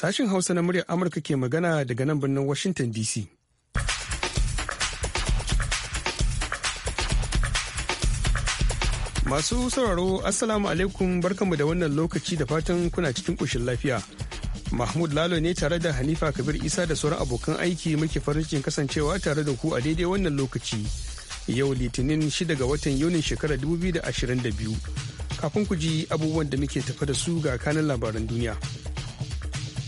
Sashen Hausa na muryar Amurka ke magana daga nan birnin Washington DC. Masu sauraro Assalamu alaikum barkanmu da wannan lokaci da fatan kuna cikin kushin lafiya. Mahmud Lalo ne tare da Hanifa Kabir Isa da sauran abokan aiki muke farin cikin kasancewa tare da ku a daidai wannan lokaci. Yau Litinin 6 ga watan Yunin shekarar 2022. Kafin ku ji abubuwan da muke tafa da su ga kanan labaran duniya.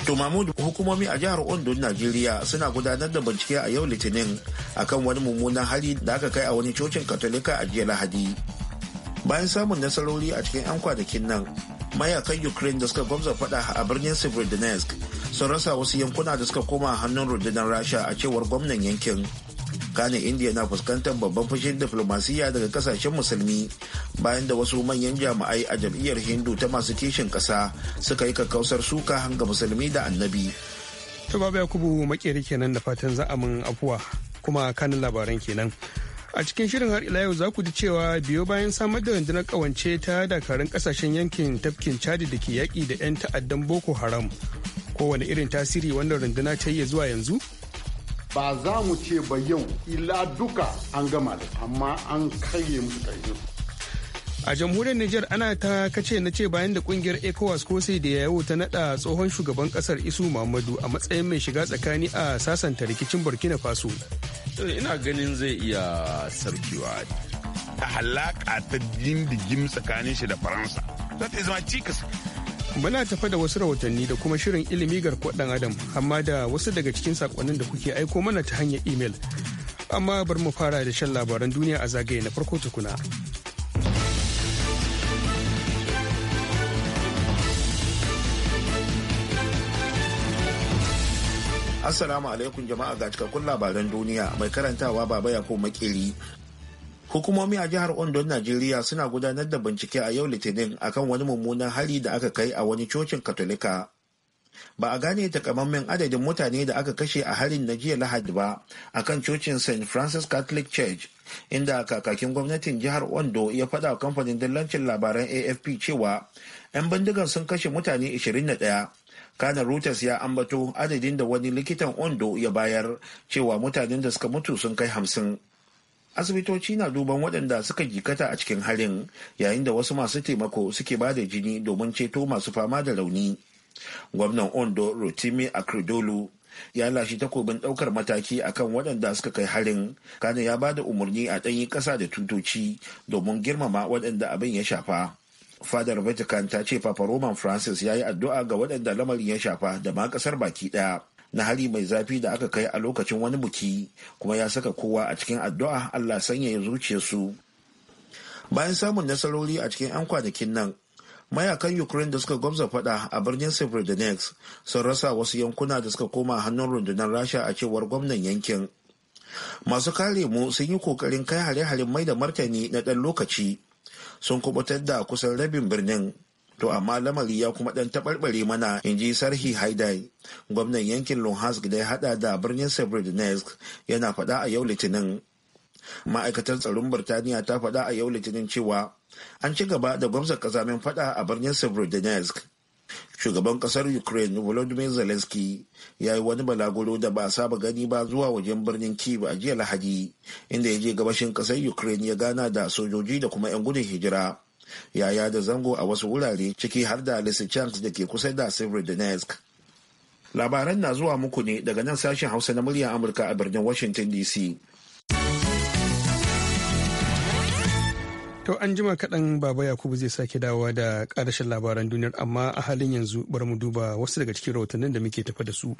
To Mahmud hukumomi a jihar Ondo Najeriya suna gudanar da bincike a yau Litinin akan wani mummunan hali da aka kai a wani cocin Katolika a jiya Lahadi. Bayan samun nasarori a cikin 'yan kwanakin nan, mayakan Ukraine da suka gwamza fada a birnin Severodonetsk sun rasa wasu yankuna da suka koma hannun rundunar Rasha a cewar gwamnan yankin. kane indiya na fuskantar babban fushin diflomasiyya daga kasashen musulmi bayan da wasu manyan jami'ai a jam'iyyar hindu ta masu kishin kasa suka yi kakkausar suka hanga musulmi da annabi to babu yakubu makeri kenan da fatan za a min afuwa kuma kanin labaran kenan a cikin shirin har ila yau za ku ji cewa biyo bayan samar da rundunar kawance ta dakarun kasashen yankin tafkin chadi da ke yaƙi da 'yan ta'addan boko haram kowane irin tasiri wannan runduna ta yi zuwa yanzu ba za mu ce ba yau ila duka an gama da amma an karye musu karfin a jamhuriyar niger ana ta kace na ce bayan da kungiyar ecowas ko sai da yawo ta nada tsohon shugaban kasar isu muhammadu a matsayin mai shiga tsakani a sasanta rikicin burkina faso ina ganin zai iya sarkewa ta halaka ta dindigim tsakanin shi da faransa za ta zama cikas Muna tafa da wasu rahotanni da kuma shirin ilimi garkuwar kwaɗan adam amma da wasu daga cikin sakonnin da kuke aiko mana ta hanyar email. Amma bar mu fara da shan labaran duniya a zagaye na farko tukuna. Assalamu alaikum jama'a ga cikakkun labaran duniya mai karantawa baba ya ko makeri hukumomi a jihar ondo najeriya suna gudanar da bincike a yau litinin akan wani mummunan hari da aka kai a wani cocin katolika ba a gane takamaiman adadin mutane da aka kashe a harin na jiya lahadi ba akan cocin st francis catholic church inda kakakin gwamnatin jihar ondo ya faɗa kamfanin dillancin labaran afp cewa 'yan bindigan sun kashe mutane 21 kana Reuters ya ambato adadin da wani likitan ondo ya bayar cewa mutanen da suka mutu sun kai hamsin. asibitoci na duban waɗanda suka jikata a cikin harin yayin da wasu masu taimako suke ba da jini domin ceto masu fama da rauni gwamnan ondo rotimi akredolu ya lashe takobin ɗaukar mataki akan waɗanda suka kai harin kana ya ba da umarni a ɗanyi ƙasa da tutoci domin girmama waɗanda abin ya shafa fadar vatican ta ce papa roman francis ya yi addu'a ga waɗanda lamarin ya shafa da ma ƙasar baki ɗaya na hari mai zafi da aka kai a lokacin wani buki kuma ya saka kowa a cikin addu'a Allah sanya ya sanyaya su. Bayan samun nasarori a cikin 'yan kwanakin nan, mayakan Ukraine da suka gwamza fada a birnin Severodonetsk sun rasa wasu yankuna da suka koma hannun rundunar Rasha a cewar gwamnan yankin. Masu kare mu sun yi kokarin kai hare-haren mai da martani na ɗan lokaci sun kubutar da kusan rabin birnin To amma lamari ya kuma ɗan taɓarɓare mana in ji Sarhi Haidai. Gwamnan yankin Luhansk da ya haɗa da birnin Severodonetsk yana faɗa a yau Litinin. Ma'aikatar tsaron Birtaniya ta faɗa a yau Litinin cewa an ci gaba da gwamnan kazamin faɗa a birnin Severodonetsk. Shugaban kasar Ukraine Volodymyr Zelensky ya yi wani balaguro da ba a saba gani ba zuwa wajen birnin Kyiv a jiya Lahadi, inda ya je gabashin ƙasar Ukraine ya gana da sojoji da kuma 'yan gudun hijira. yaya da zango a wasu wurare ciki har da Lysychansk da ke kusa da Severodonetsk. Labaran na zuwa muku ne daga nan sashen Hausa na muryar Amurka a birnin Washington DC. To an jima kaɗan Baba Yakubu zai sake dawowa da ƙarashin labaran duniyar amma a halin yanzu bari mu duba wasu daga cikin rahotannin da muke tafa da su.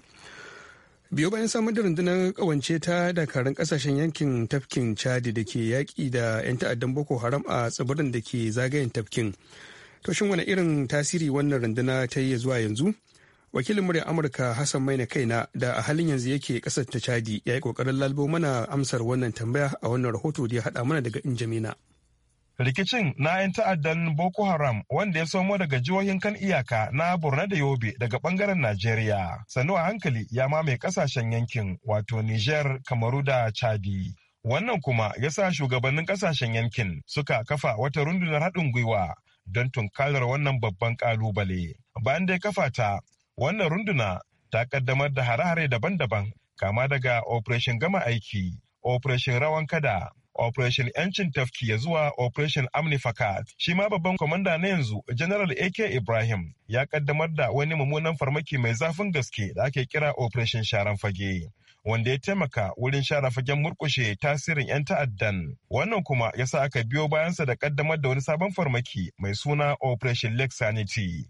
biyo bayan samun da rundunar kawance ta dakarun kasashen yankin tafkin chadi da ke yaƙi da 'yan ta'addan boko haram a tsibirin da ke zagayen tafkin to shin wani irin tasiri wannan runduna ta yi zuwa yanzu wakilin muryar amurka hassan mai na kaina da a halin yanzu yake kasar ta chadi ya yi kokarin lalbo mana amsar wannan tambaya a wannan rahoto da ya haɗa mana daga injamina rikicin na 'yan ta'addan boko haram wanda ya samo daga jihohin kan iyaka na borno da yobe daga bangaren najeriya sannu a hankali ya mamaye kasashen yankin wato niger kamaru da chadi wannan kuma ya sa shugabannin kasashen yankin suka kafa wata rundunar haɗin gwiwa don tunkarar wannan babban kalubale bayan da ya kafa ta wannan runduna ta kaddamar da hare-hare daban-daban kama daga operation gama aiki operation rawan kada Operation 'yancin tafki ya zuwa Operation Amnifacat. Shi ma babban kwamanda na yanzu General AK Ibrahim ya kaddamar da wani mummunan farmaki mai zafin gaske da ake kira Operation Sharan Fage. wanda ya taimaka wurin share fagen murkushe tasirin 'yan ta'addan. Wannan kuma ya sa aka biyo bayansa da kaddamar da wani sabon farmaki mai suna Operation Lake Sanity.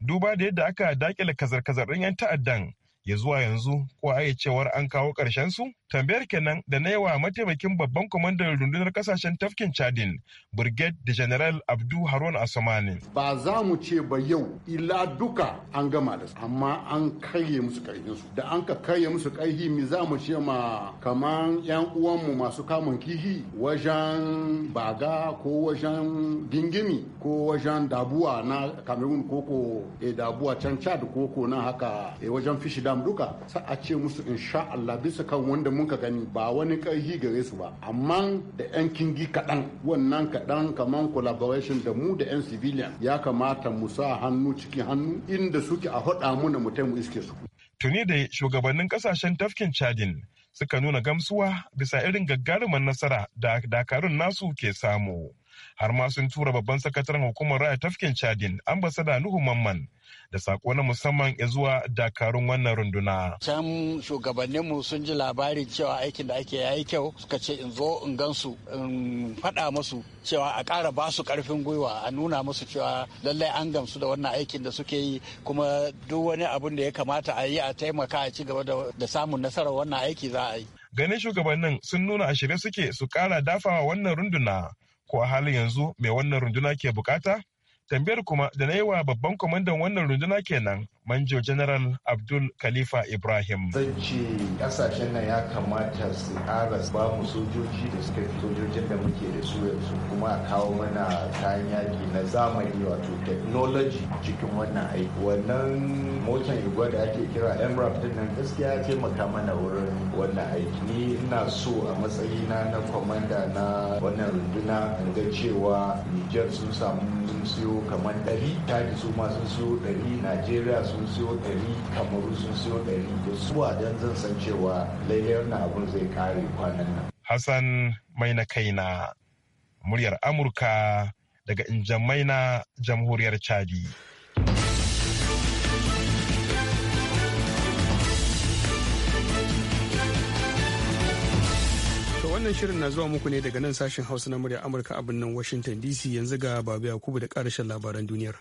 Duba da yadda aka dakile kazar-kazar 'yan ta'addan ya zuwa yanzu ko a cewar an kawo ƙarshen su? Tambayar kenan da na yawa mataimakin babban kwamandan rundunar kasashen tafkin Chadin, Brigade da General Abdu Harun Asamani. Ba za mu ce ba yau ila duka an gama da su, amma an karye musu karfin su. Da an ka karye musu karfi mi za mu ce ma kaman yan uwanmu masu kamun kihi wajen baga ko wajen gingimi ko wajen dabuwa na Cameroon koko e eh, dabuwa can Chad koko na haka e wajen fishi dam duka a ce musu in sha Allah bisa kan wanda muka gani ba wani karhi gare su ba amma da yan kingi kaɗan wannan kaɗan kamar collaboration da mu da yan civilian ya kamata mu sa hannu cikin hannu inda suke a mu muna mutai mu iske su. Tuni da shugabannin kasashen tafkin Chadin suka nuna gamsuwa bisa irin gaggaruman nasara da dakarun nasu ke samu. har ma sun tura babban sakataren hukumar raya tafkin chadin ambasada nuhu mamman da sako na musamman ya zuwa dakarun wannan runduna. Can mu sun ji labarin cewa aikin da ake yayi kyau suka ce in zo in gansu in faɗa musu cewa a ƙara ba su ƙarfin gwiwa a nuna musu cewa lallai an gamsu da wannan aikin da suke yi kuma duk wani abun da ya kamata a yi a taimaka a ci gaba da samun nasarar wannan aiki za a yi. Ganin shugabannin sun nuna a shirye suke su ƙara dafawa wannan runduna ko a halin yanzu mai wannan runduna ke bukata? Tambayar kuma da na yi wa babban kwamandan wannan runduna kenan manjo general abdul khalifa ibrahim zan ce kasashen nan ya kamata su kara ba mu sojoji da suka fi sojojin da muke da su yanzu kuma a kawo mana kayan yaki na zamani wato technology cikin wannan aiki wannan motan igwa da ake kira emrap din nan gaskiya ya taimaka mana wurin wannan aiki ni ina so a matsayina na kwamanda na wannan runduna in ga cewa niger sun samu sun siyo kamar ɗari tadi su ma sun siyo ɗari najeriya sun ɗari kamaru sun siyo ɗari da suwa don zan san cewa lailai wannan abun zai kare kwanan nan. Hassan mai na kai na muryar Amurka daga Injamai na jamhuriyar Chadi. wannan shirin na zuwa muku ne daga nan sashen hausa na murya amurka a birnin washington dc yanzu ga babu yakubu da karashen labaran duniyar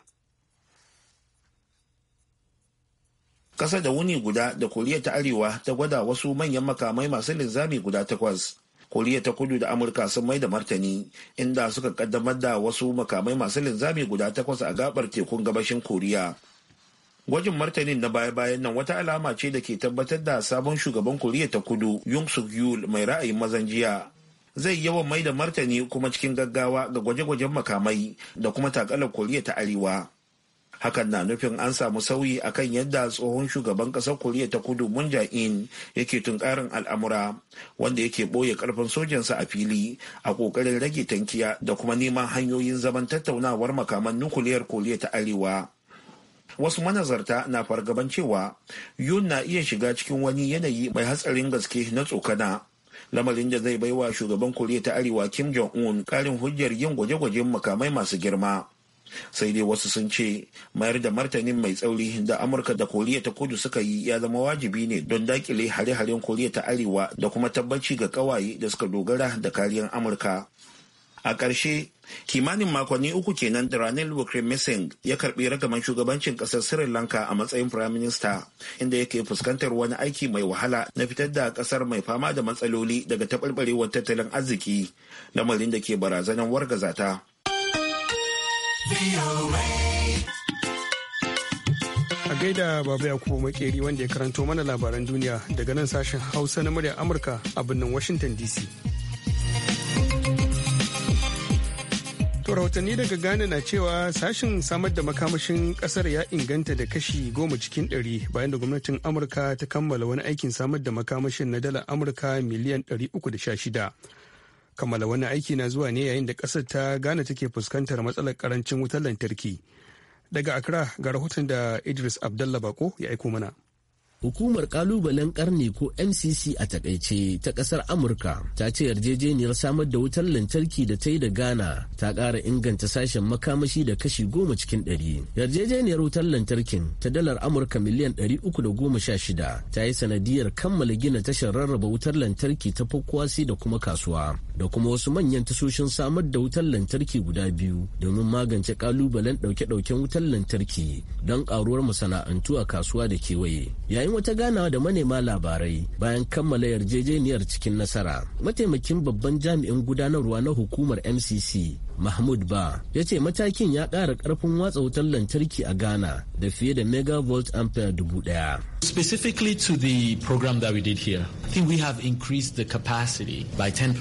kasa da wuni guda da koriya ta arewa ta gwada wasu manyan makamai masu linzami guda takwas koriya ta kudu da amurka sun mai da martani inda suka kaddamar da wasu makamai masu linzami guda takwas a gabar tekun gabashin koriya gwajin martanin na baya-bayan nan wata alama ce da ke tabbatar da sabon shugaban koriya ta kudu yung suk yul mai ra'ayin mazan jiya zai yawan mai da martani kuma cikin gaggawa ga gwaje-gwajen makamai da kuma takalar koriya ta arewa hakan na nufin an samu sauyi akan yadda tsohon shugaban ƙasar koriya ta kudu mun in yake tunkarin al'amura wanda yake ɓoye ƙarfin sojansa a fili a ƙoƙarin rage tankiya da kuma neman hanyoyin zaman tattaunawar makaman nukuliyar koriya ta arewa wasu manazarta na fargaban cewa yun na iya shiga cikin wani yanayi mai hatsarin gaske na tsokana lamarin da zai baiwa shugaban koriya ta arewa kim jong un karin hujjar yin gwaje-gwajen makamai masu girma sai dai wasu sun ce mayar da martanin mai tsauri da amurka da koriya ta kudu suka yi ya zama wajibi ne don dakile hare-haren koriya ta arewa da kuma tabbaci ga kawaye da suka dogara da kariyar amurka a ƙarshe kimanin makonni uku kenan da ranar Wickremesing ya karbi ragaman shugabancin ƙasar Sri Lanka a matsayin Prime Minister inda yake fuskantar wani aiki mai wahala na fitar da ƙasar mai fama da matsaloli daga taɓarɓarewar tattalin arziki lamarin da ke barazanar wargaza ta. A gaida Baba Yakubu Makeri wanda ya karanto mana labaran duniya daga nan sashen Hausa na muryar Amurka a birnin Washington DC. rahotanni daga Ghana na cewa sashen samar da makamashin kasar ya inganta da kashi goma cikin ɗari bayan da gwamnatin Amurka ta kammala wani aikin samar da makamashin na dala Amurka miliyan 316. kammala wani aiki na zuwa ne yayin da ƙasar ta gane take fuskantar matsalar karancin wutar lantarki daga accra ga rahoton da idris abdallah bako ya aiko mana Hukumar ƙalubalen ƙarni ko MCC a takaice ta ƙasar Amurka ta ce yarjejeniyar samar da wutar lantarki da ta yi da Ghana ta ƙara inganta sashen makamashi da kashi goma cikin ɗari. Yarjejeniyar wutar lantarkin ta dalar Amurka miliyan ɗari uku da goma sha shida ta yi sanadiyar kammala gina tashar rarraba wutar lantarki ta Fokwasi da kuma kasuwa da kuma wasu manyan tasoshin samar da wutar lantarki guda biyu domin magance ƙalubalen ɗauke-ɗauken wutar lantarki don ƙaruwar masana'antu a kasuwa da kewaye. Yayin yayin wata ganawa da manema labarai bayan kammala yarjejeniyar cikin nasara mataimakin babban jami'in gudanarwa na hukumar mcc mahmud ba ya ce matakin ya ƙara ƙarfin watsa wutar lantarki a ghana da fiye da megavolt ampere dubu ɗaya specifically to the program that we did here i think we have increased the capacity by 10%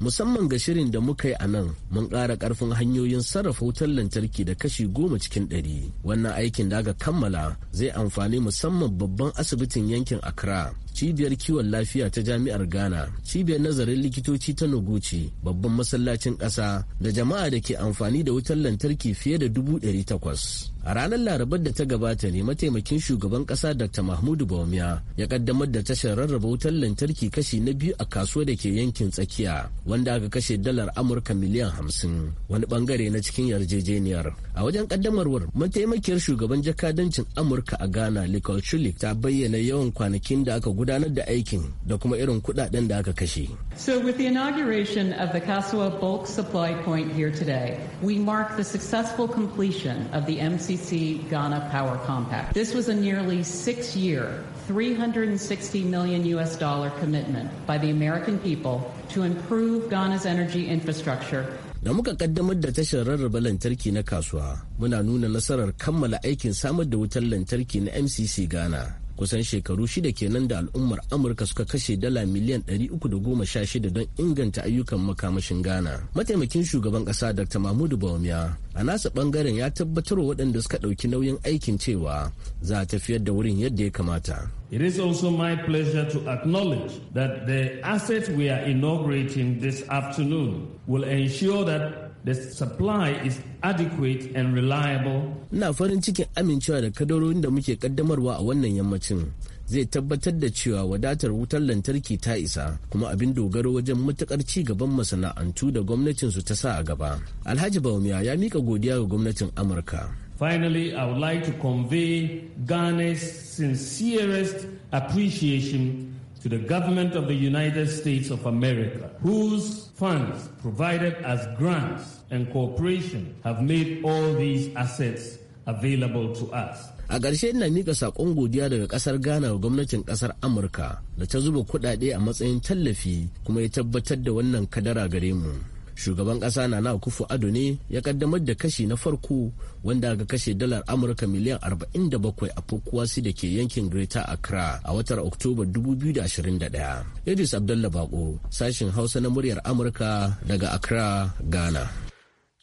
musamman ga shirin da muka yi a nan mun ƙara ƙarfin hanyoyin sarrafa wutar lantarki da kashi goma cikin ɗari wannan aikin da aka kammala zai amfani musamman babban asibitin yankin accra cibiyar kiwon lafiya ta jami'ar ghana cibiyar nazarin likitoci ta noguchi babban masallacin ƙasa da jama'a da ke amfani da wutar lantarki fiye da dubu ɗari takwas a ranar larabar da ta gabata ne mataimakin shugaban ƙasa dr mahmudu bawumia ya kaddamar da tashar rarraba wutar lantarki kashi na biyu a kasuwa da ke yankin tsakiya wanda aka kashe dalar amurka miliyan hamsin wani bangare na cikin yarjejeniyar a wajen kaddamarwar mataimakiyar shugaban jakadancin amurka a ghana nicole ta bayyana yawan kwanakin da aka gudanar gudanar da aikin da kuma irin kudaden da aka kashe. So with the inauguration of the Kasawa Bulk Supply Point here today, we mark the successful completion of the MCC Ghana Power Compact. This was a nearly six-year 360 million US dollar commitment by the American people to improve Ghana's energy infrastructure da muka kaddamar da tashar rarraba lantarki na kasuwa muna nuna nasarar kammala aikin samar da wutar lantarki na mcc ghana kusan shekaru shida kenan da al'ummar amurka suka kashe dala miliyan 316 don inganta ayyukan makamashin ghana mataimakin shugaban kasa dr mahmudu bawumia a nasa bangaren ya tabbatar wa waɗanda suka ɗauki nauyin aikin cewa za a tafiyar da wurin yadda ya kamata It is also my pleasure to acknowledge that the asset we are inaugurating this afternoon will ensure that The supply is adequate and reliable. farin cikin amincewa da kadarorin da muke kaddamarwa a wannan yammacin. zai tabbatar da cewa wadatar wutar lantarki ta isa kuma abin dogaro wajen matukar ci gaban masana'antu da ta sa a gaba. Alhaji ya mika godiya ga gwamnatin Amurka. Finally, I would like to convey Ghana's sincerest appreciation to the government of the United States of America, whose funds provided as grants and cooperation have made all these assets available to us. A ƙarshe ina mika saƙon godiya daga ƙasar Ghana wa gwamnatin ƙasar Amurka da ta zuba kuɗaɗe a matsayin tallafi kuma ya tabbatar da wannan kadara gare mu. Shugaban ƙasa na na kufu ado ne ya ƙaddamar da kashi na farko wanda aka kashe dalar Amurka miliyan 47 a Fukuwasi da ke yankin Greater Accra a watan Oktoba 2021. Idris Abdullah Bako, sashin Hausa na muryar Amurka daga Accra, Ghana.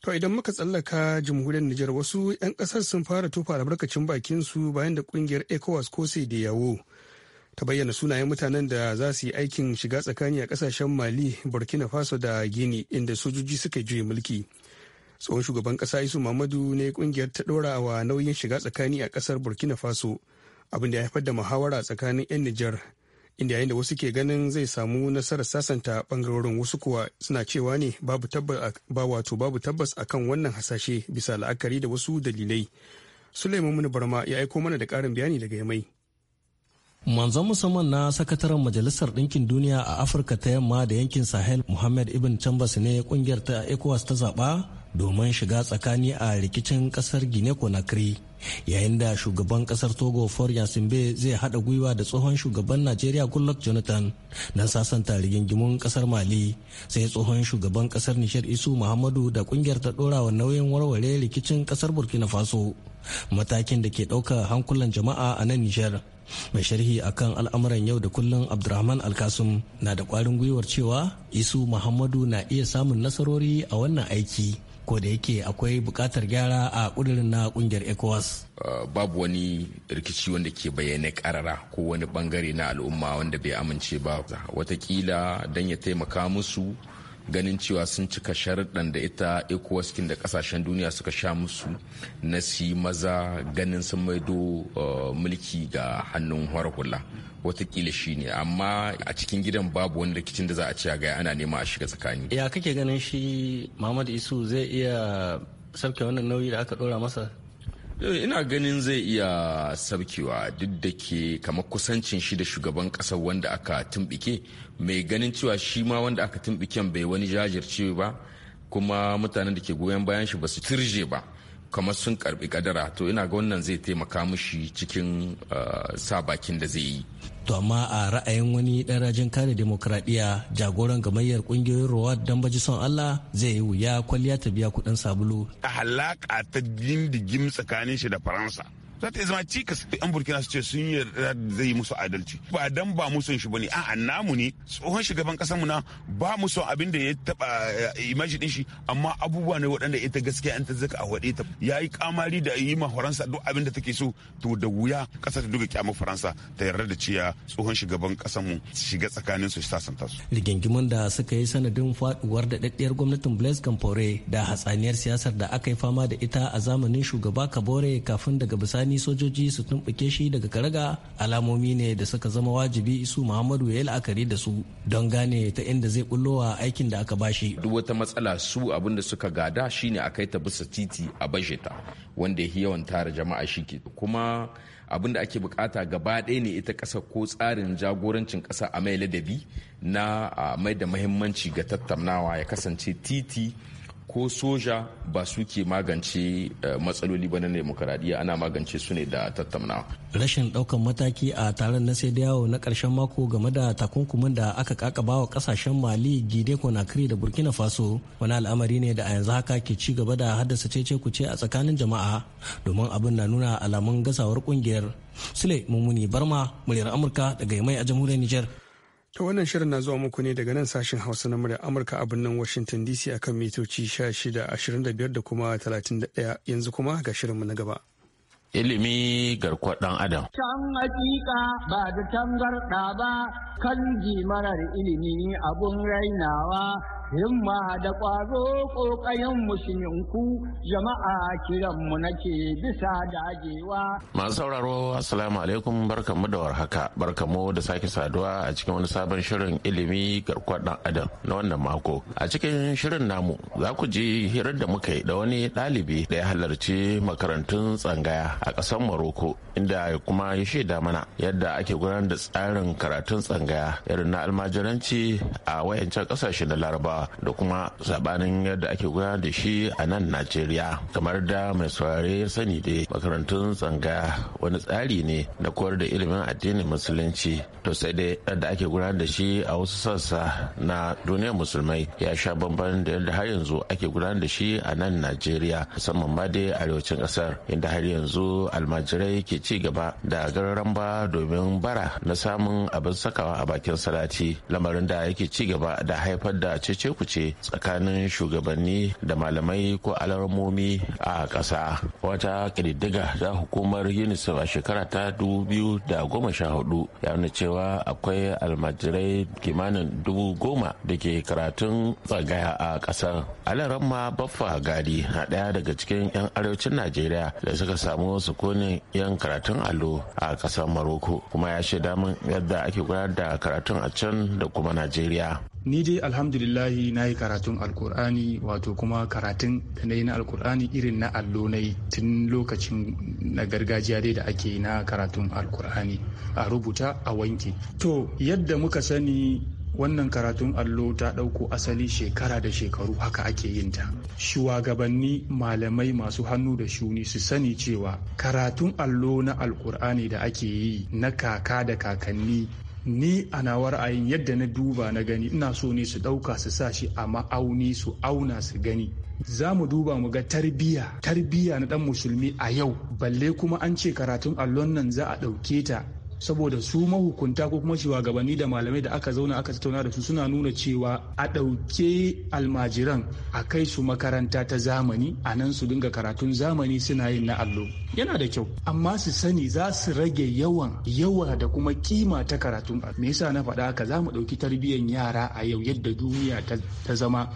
To idan muka tsallaka jamhuriyar Nijar wasu 'yan ƙasar sun fara tufa albarkacin bakin su bayan da ƙungiyar ECOWAS ko sai da yawo ta bayyana sunayen mutanen da za su yi aikin shiga tsakani a ƙasashen Mali, Burkina Faso da gini inda sojoji suka juye mulki. Tsohon shugaban ƙasa Isu mamadu ne ƙungiyar ta ɗora wa nauyin shiga tsakani a ƙasar Burkina Faso abin da ya haifar da muhawara tsakanin 'yan Nijar inda yayin da wasu ke ganin zai samu nasarar sasanta bangarorin wasu kuwa suna cewa ne babu tabbas ba wato babu tabbas akan wannan hasashe bisa la'akari da wasu dalilai Suleiman Muni Barma ya aiko mana da karin bayani daga Yamai. Manzon musamman na sakataren Majalisar Ɗinkin Duniya a Afirka ta Yamma da yankin Sahel Muhammad Ibn Chambers ne kungiyar ta ECOWAS ta zaɓa domin shiga tsakani a rikicin kasar guinea conakry yayin da shugaban kasar togo florian simbe zai hada gwiwa da tsohon shugaban nigeria goodluck jonathan don sasanta rigingimun kasar mali sai tsohon shugaban kasar nishar isu muhammadu da kungiyar ta dorawa nauyin warware rikicin kasar burkina faso matakin da ke ɗaukar hankulan jama'a a nan nishar mai sharhi akan al'amuran yau da kullun abdurrahman alkasum na da kwarin gwiwar cewa isu muhammadu na iya samun nasarori a wannan aiki ko da yake akwai buƙatar gyara a ƙudurin na ƙungiyar ecowas uh, babu wani rikici wanda ke bayyana karara ko wani bangare na al'umma wanda bai amince ba watakila don ya taimaka musu ganin cewa sun cika sharuɗan da ita ecowaskin da kasashen duniya suka sha musu na si maza ganin sun maido eh, mulki ga hannun hula watakila shi ne amma a cikin gidan babu wani rikicin da za a ce a gaya ana nema a shiga tsakani ya kake ganin shi muhammad isu zai iya sauke wannan nauyi da aka ɗora masa ina ganin zai iya sabkewa duk da ke kamar kusancin shi da shugaban kasar wanda aka tumbike mai ganin cewa shi ma wanda aka tumbiken bai wani jajirce ba kuma mutanen da ke goyon bayan shi ba su turje ba kamar sun karbi kadara to ina ga wannan zai taimaka mushi cikin uh, sa bakin da zai yi to amma a ra'ayin wani ɗan rajin kare demokradiyya jagoran gamayyar ƙungiyoyin rowad don baji son allah zai yi wuya kwalliya ta biya kuɗin sabulu a halaka ta gindigim tsakanin shi da faransa za ta zama cikas yan burkina su ce sun yi zai yi musu adalci ba dan ba mu son shi bane a namu ne tsohon shugaban kasar mu na ba mu son abin da ya taba eh, image din shi amma abubuwa ne waɗanda ita gaskiya an ta zaka a wade ta yayi kamari da yi ma faransa duk abin da take so to da wuya kasar ta duka kyamar faransa ta yarda da cewa tsohon shugaban kasar mu shiga tsakanin su sasanta su rigingimin da suka yi sanadin faduwar da daddiyar gwamnatin Blaise Compaoré da hatsaniyar siyasar da aka yi fama da ita a zamanin shugaba Kabore kafin daga bisani bisani sojoji su tumɓuke shi daga karaga alamomi ne da suka zama wajibi isu muhammadu ya yi la'akari da su don gane ta inda zai bullowa aikin da aka bashi duk wata matsala su abun da suka gada shine a kai ta bisa titi a bashe wanda ya yawan tara jama'a shi ke kuma abin da ake bukata gaba ɗaya ne ita kasa ko tsarin jagorancin ƙasa a mai ladabi na mai da mahimmanci ga tattaunawa ya kasance titi ko soja ba su ke magance eh, matsaloli ba na demokaradiyya ana magance su ne da tattamna. Rashin ɗaukan mataki a taron na yawo na ƙarshen mako game da takunkumin da aka kakaba wa ƙasashen Mali, Gide, Conakry da Burkina Faso wani al'amari ne da a yanzu haka ke ci gaba da haddasa cece kuce a tsakanin jama'a domin abin na nuna alamun gasawar ƙungiyar Sule Mummuni Barma, muryar Amurka daga Yamai a jamhuriyar Nijar. ta wannan shirin na zuwa muku ne daga nan sashen hausa na murya amurka a birnin washington dc akan mitoci 16 25 da kuma 31 yanzu kuma ga shirinmu na gaba ilimi garkuwar ɗan adam. Can hakika ba da tangarɗa ba kan marar ilimi abun rainawa himma da ƙwazo ƙoƙayen musulminku jama'a kiranmu nake bisa da dagewa. Masu sauraro Assalamu alaikum barkamu da warhaka barkamu da sake saduwa a cikin wani sabon shirin ilimi garkuwar ɗan adam na wannan mako. A cikin shirin namu za ku ji hirar da muka yi da wani ɗalibi da ya halarci makarantun tsangaya a ƙasar Maroko inda kuma ya shaida mana yadda ake gudanar da tsarin karatun tsangaya irin na almajiranci a wayancan ƙasashe na Larabawa. da kuma sabanin yadda ake gudanar da shi a nan najeriya kamar da mai saurare ya sani da makarantun tsanga wani tsari ne na koyar da ilimin addinin musulunci to sai dai yadda ake gudanar da shi a wasu sassa na duniyar musulmai ya sha bamban da yadda har yanzu ake gudanar da shi a nan najeriya musamman ma dai arewacin kasar inda har yanzu almajirai ke ci gaba da gararan domin bara na samun abin sakawa a bakin salati lamarin da yake ci gaba da haifar da cece kuce kuce tsakanin shugabanni da malamai ko alamomi a ƙasa wata ƙididdiga ta hukumar unicef a shekara ta da goma 2014 ya nuna cewa akwai almajirai kimanin dubu goma da ke karatun tsagaya a ƙasar ma baffa gadi na ɗaya daga cikin 'yan arewacin najeriya da suka samu sukunin 'yan karatun allo a ƙasar maroko kuma ya shaida min yadda ake gudanar da karatun a can da kuma najeriya ni dai alhamdulillahi na yi karatun alkur'ani wato kuma karatun da na yi na alkur'ani irin na allo na tun lokacin na gargajiya dai da ake na karatun alkur'ani a rubuta a wanke to yadda muka sani wannan karatun allo ta ɗauko asali shekara da shekaru haka ake yin ta. Shugabanni malamai masu hannu da shuni su sani cewa karatun allo na alkur'ani da ake yi na kaka da kakanni ni a nawa ra'ayin yadda na duba na gani ina so ne su ɗauka su sa shi a ma'auni su auna su gani za mu duba mu ga tarbiyya. tarbiya na ɗan musulmi a yau balle kuma an ce karatun allon nan za a ɗauke ta saboda su mahukunta ko kuma shugabanni da malamai da aka zauna aka tattauna da su suna nuna cewa a ɗauke almajiran a kai su makaranta ta zamani a nan su dinga karatun zamani suna yin na allo yana da kyau amma su sani za su rage yawan yawa da kuma kima ta karatun me yasa na faɗa haka za mu ɗauki tarbiyyar yara a yau yadda duniya ta zama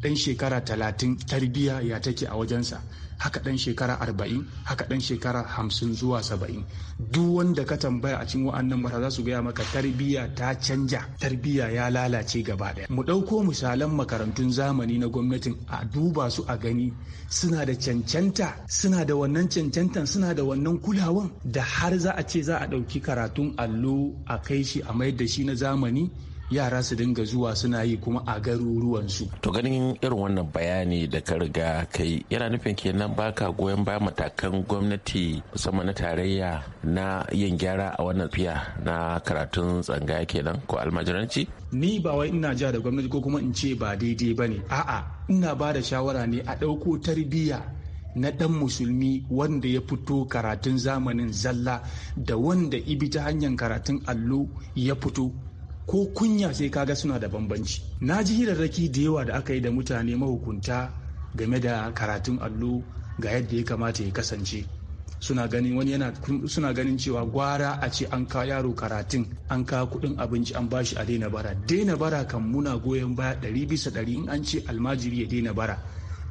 ɗan shekara talatin tarbiyya ya take a wajensa haka ɗan shekara arba'in haka ɗan shekara hamsin zuwa saba'in duk wanda ka tambaya a cikin wa'annan mata za su gaya maka tarbiyya ta canja tarbiyya ya lalace gaba daya mu ɗauko misalan makarantun zamani na gwamnatin a duba su a gani suna da cancanta suna da wannan cancantan suna da wannan kulawan da har za a ce za a ɗauki karatun allo a kai shi a mayar da shi na zamani yara su dinga zuwa suna yi kuma a garuruwansu. To ganin irin wannan bayani da ka riga kai yana nufin kenan baka goyon baya matakan gwamnati musamman na tarayya na yin gyara a wannan fiya na karatun tsanga kenan ko almajiranci? Ni ba wai ina ja da gwamnati ko kuma in ce ba daidai ba ne. A'a ina ba da shawara ne a ɗauko tarbiyya na ɗan musulmi wanda ya fito karatun zamanin zalla da wanda ibi ta hanyar karatun allo ya fito ko kunya sai kaga suna da bambanci na ji hirarraki da yawa da aka yi da mutane mahukunta game da karatun allo ga yadda ya kamata ya kasance suna ganin wani yana suna ganin cewa gwara a ce an ka yaro karatun an ka kudin abinci an bashi a daina bara daina bara kan muna goyon baya ɗari bisa ɗari in an ce almajiri ya daina bara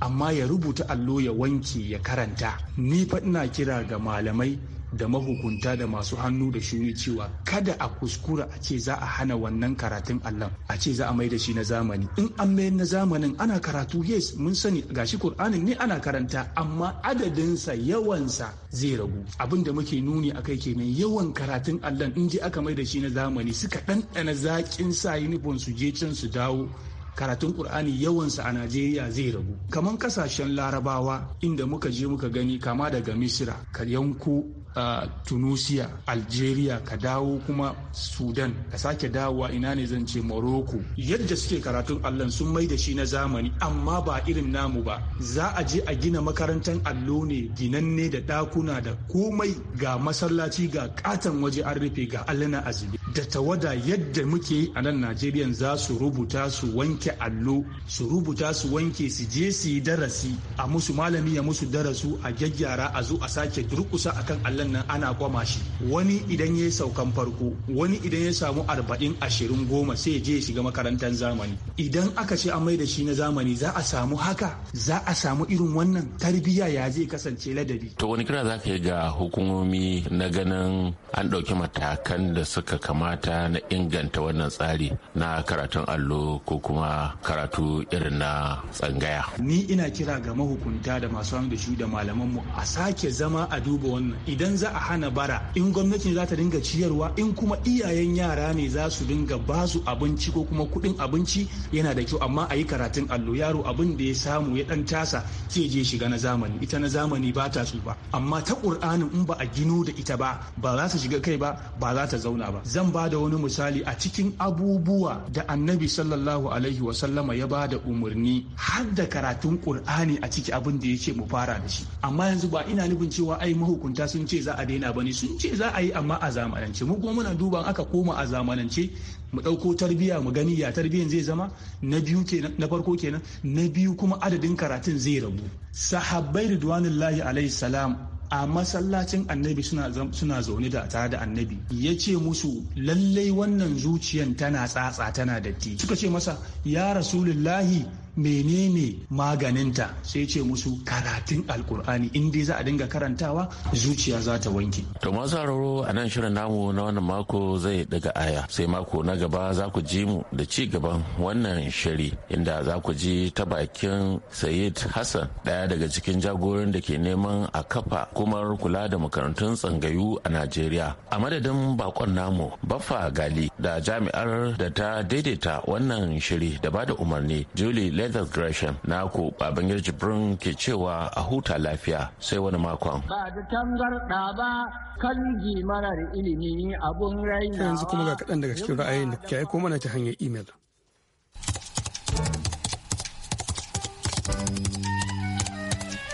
amma ya rubuta allo ya wanke ya karanta ni fa ina kira ga malamai da mahukunta da masu hannu da shuni cewa kada a kuskura a ce za a hana wannan karatun Allah a ce za a mai da shi na zamani in an mayar na zamanin ana karatu yes mun sani gashi Kur'anin ne ana karanta amma adadinsa yawansa zai ragu abin da muke nuni a kai kenan yawan karatun Allah in je aka mai da shi na zamani suka ɗanɗana zaƙin sa yunifon su je can su dawo karatun Kur'ani yawansa a Najeriya zai ragu. kamar kasashen larabawa inda muka je muka gani kama daga Misira, Kalyanku, uh, tunisia algeria ka dawo kuma sudan ka sake dawowa ina ne zan ce morocco yadda suke karatun allon sun mai da shi na zamani amma ba irin namu ba za a je a gina makarantar allo ne ginanne da dakuna da komai ga masallaci ga katon waje an rufe ga allana azumi da tawada yadda muke yi a nan najeriya za su rubuta su wanke allo su rubuta su wanke su je su yi darasi a musu malami ya musu darasu a gyaggyara a zo a sake durkusa akan allon Wannan nan ana kwama shi wani idan ya saukan farko wani idan ya samu arba'in ashirin goma sai ya je ya shiga makarantar zamani idan aka ce an da shi na zamani za a samu haka za a samu irin wannan tarbiyya ya zai kasance ladabi to wani kira za ka yi ga hukumomi na ganin an ɗauki matakan da suka kamata na inganta wannan tsari na karatun allo ko kuma karatu irin na tsangaya ni ina kira ga mahukunta da masu hannu da da malaman mu a sake zama a duba wannan idan idan za a hana bara in gwamnati za ta dinga ciyarwa in kuma iyayen yara ne za su dinga ba su abinci ko kuma kuɗin abinci yana da kyau amma a yi karatun allo yaro abin da ya samu ya ɗan tasa sai je shiga na zamani ita na zamani ba ta su ba amma ta ƙur'anin in ba a gino da ita ba ba za su shiga kai ba ba za ta zauna ba zan ba da wani misali a cikin abubuwa da annabi sallallahu alaihi wa sallama ya ba da umarni har da karatun ƙur'ani a ciki abin da ya ce mu fara da shi amma yanzu ba ina nufin cewa ai mahukunta sun ce ce za a daina ba ne sun ce za a yi amma a zamanance mu kuma muna duban aka koma a zamanance mu ɗauko tarbiyya mu gani ya tarbiyyan zai zama na biyu kenan na farko kenan na biyu kuma adadin karatun zai rabu sahabbai ridwanullahi alaihi salam a masallacin annabi suna zaune da tare da annabi ya ce musu lallai wannan zuciyan tana tsatsa tana datti suka ce masa ya rasulullahi menene maganinta sai ce musu karatun alkur'ani in dai za a dinga karantawa zuciya za ta wanke to masu a nan shirin namu na wannan mako zai daga aya sai mako na gaba za ku ji mu da ci gaban wannan shiri inda za ku ji ta bakin sayid hassan daya daga cikin jagoran da ke neman a kafa kumar kula da makarantun tsangayu a najeriya a madadin bakon namu baffa gali da jami'ar da ta daidaita wannan shiri da ba da umarni julie Leather Gresham na ku Babangir Jibrin ke cewa a huta lafiya sai wani makon. Ba da tangarɗa ba kan marar ilimi abun raina. Yanzu kuma ga kaɗan daga cikin ra'ayin da kuke aiko mana ta hanyar imel.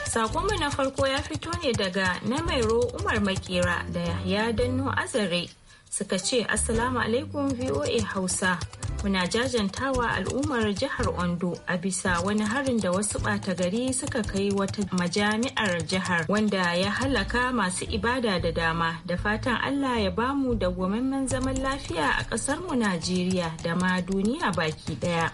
Sakonmu na farko ya fito ne daga na Namairo Umar Makera da Yahya Danno Azare suka ce Assalamu alaikum VOA Hausa. muna jajantawa al'ummar jihar Ondo a bisa wani harin da wasu ɓata gari suka kai wata majami'ar jihar wanda ya halaka masu ibada da dama da fatan Allah ya bamu da gwamammen zaman lafiya a ƙasarmu Najeriya da ma duniya baki ɗaya.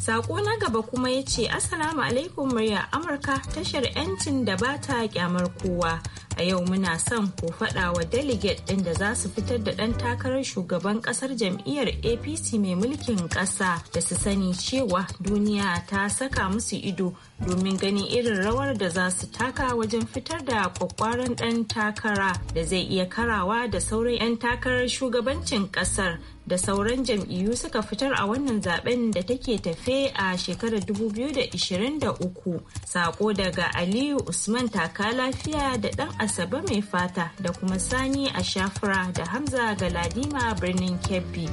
Sako na gaba kuma ya ce Assalamu alaikum murya Amurka tashar 'yancin da ba ta kyamar kowa. A yau muna son ku faɗa wa delegate ɗin da za su fitar da ɗan takarar shugaban ƙasar jam'iyyar APC mai mulkin ƙasa da su sani cewa duniya ta saka musu ido domin ganin irin rawar da za su taka wajen fitar da kwakwaran ɗan takara da zai iya karawa da sauran 'yan takarar shugabancin ƙasar da sauran jam'iyyu suka fitar a wannan zaben da take tafe a shekarar 2023 sako daga aliyu usman taka lafiya da dan asabe mai fata da kuma sani a da hamza ga ladima birnin kebbi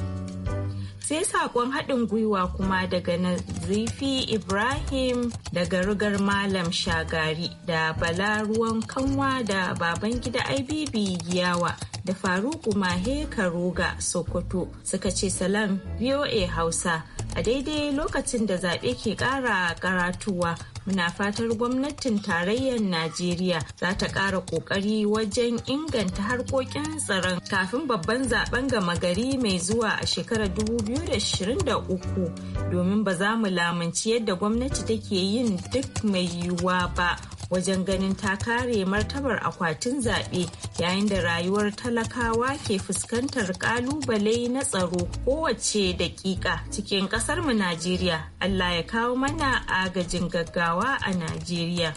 sai sakon haɗin gwiwa kuma daga nazifi ibrahim daga rugar malam shagari da bala ruwan kanwa da baban gida ibb giyawa da faruku mahe karuga sokoto suka ce salam voa hausa a daidai lokacin da zaɓe ke ƙara karatuwa muna fatar gwamnatin tarayyar najeriya za ta ƙara ƙoƙari wajen inganta harkokin tsaron kafin babban zaben gama gari mai zuwa a shekarar 2023 domin ba za mu lamunci yadda gwamnati take yin duk mai yiwuwa ba wajen ganin ta kare martabar akwatin zaɓe yayin da rayuwar talakawa ke fuskantar ƙalubale na tsaro kowace daƙiƙa cikin ƙasarmu Najeriya. Allah ya kawo mana agajin gaggawa a Najeriya.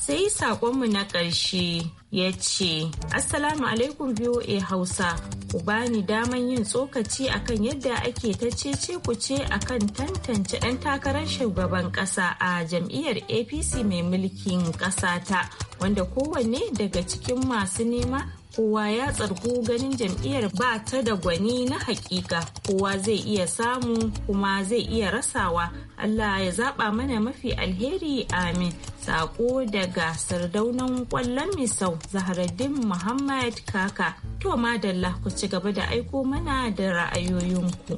Sai saƙonmu na ƙarshe. ya ce assalamu alaikum voa hausa ku bani daman yin tsokaci akan yadda ake ta cece ce akan tantance ɗan takarar shugaban ƙasa a jam'iyyar apc mai mulkin ƙasa ta wanda kowanne daga cikin masu nema kowa ya tsargu ganin jam'iyyar ba ta da gwani na hakika kowa zai iya samu kuma zai iya rasawa allah ya zaba mana mafi alheri amin sako daga sardaunan kwallon misau zaharaddin muhammad kaka to madalla ku ci gaba da aiko mana da ra'ayoyinku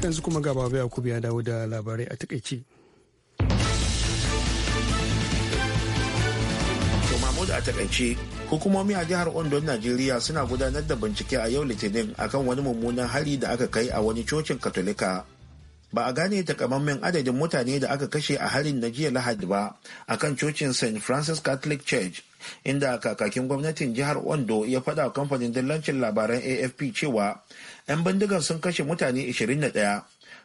yanzu kuma gaba ya dawo da labarai a takaice. mahmud a takaice hukumomi a jihar ondo najeriya suna gudanar da bincike a yau litinin akan wani mummunan hari da aka kai a wani cocin katolika ba a gane takamammen adadin mutane da aka kashe a harin na jiya lahadi ba a kan cocin st francis catholic church inda kakakin gwamnatin jihar ondo ya faɗa kamfanin dillancin labaran afp cewa 'yan bindigan sun kashe mutane 21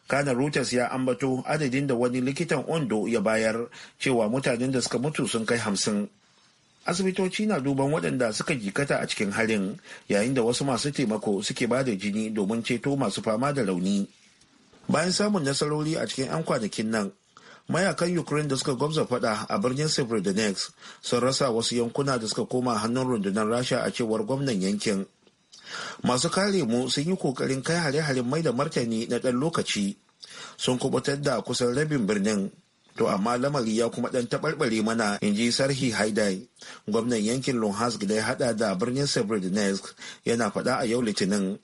kana reuters ya ambato adadin da wani likitan ondo ya bayar cewa mutanen da suka mutu sun kai hamsin asibitoci na duban waɗanda suka jikata a cikin harin yayin da wasu masu taimako suke ba da jini domin ceto masu fama da rauni bayan samun nasarori a cikin 'yan kwanakin nan mayakan ukraine da suka gwamza fada a birnin severodonetsk sun rasa wasu yankuna da suka koma hannun rundunar rasha a cewar gwamnan yankin masu kare mu sun yi kokarin kai hare-haren mai da martani na ɗan lokaci sun kubutar da kusan rabin birnin To amma lamari ya kuma dan taɓarɓare mana in ji sarhi Haidai, gwamnan yankin Luhansk da ya haɗa da birnin Severodonetsk yana faɗa a yau Litinin.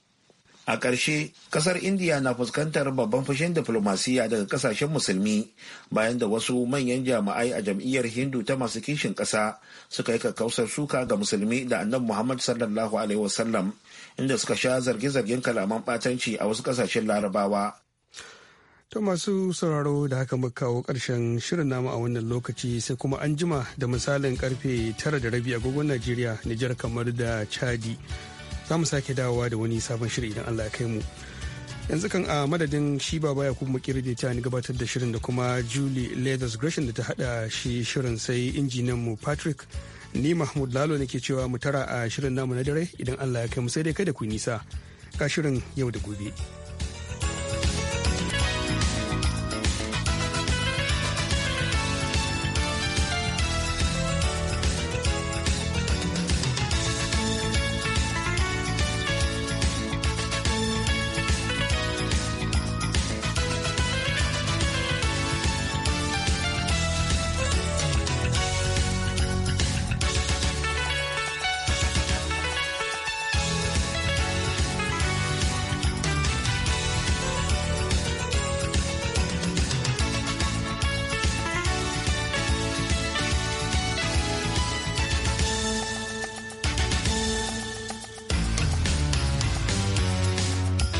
A ƙarshe, ƙasar Indiya na fuskantar babban fushin diflomasiya daga ƙasashen musulmi bayan da wasu manyan jami'ai a jam'iyyar Hindu ta masu kishin ƙasa suka yi kakkausar suka ga musulmi da annabi Muhammad sallallahu alaihi wasallam inda suka sha zarge-zargen kalaman ɓatanci a wasu ƙasashen larabawa To masu sauraro da haka muka kawo ƙarshen shirin namu a wannan lokaci sai kuma an jima da misalin karfe tara da rabi agogon Najeriya, Nijar kamar da Chadi. Za mu sake dawowa da wani sabon shirin idan Allah ya kai mu. Yanzu kan a madadin shi ba baya kuma kirje ta ni gabatar da shirin da kuma Julie Leathers Gresham da ta hada shi shirin sai injinan mu Patrick. Ni Mahmud Lalo ke cewa mu tara a shirin namu na dare idan Allah ya kai mu sai dai kada ku nisa. Ka shirin yau da gobe.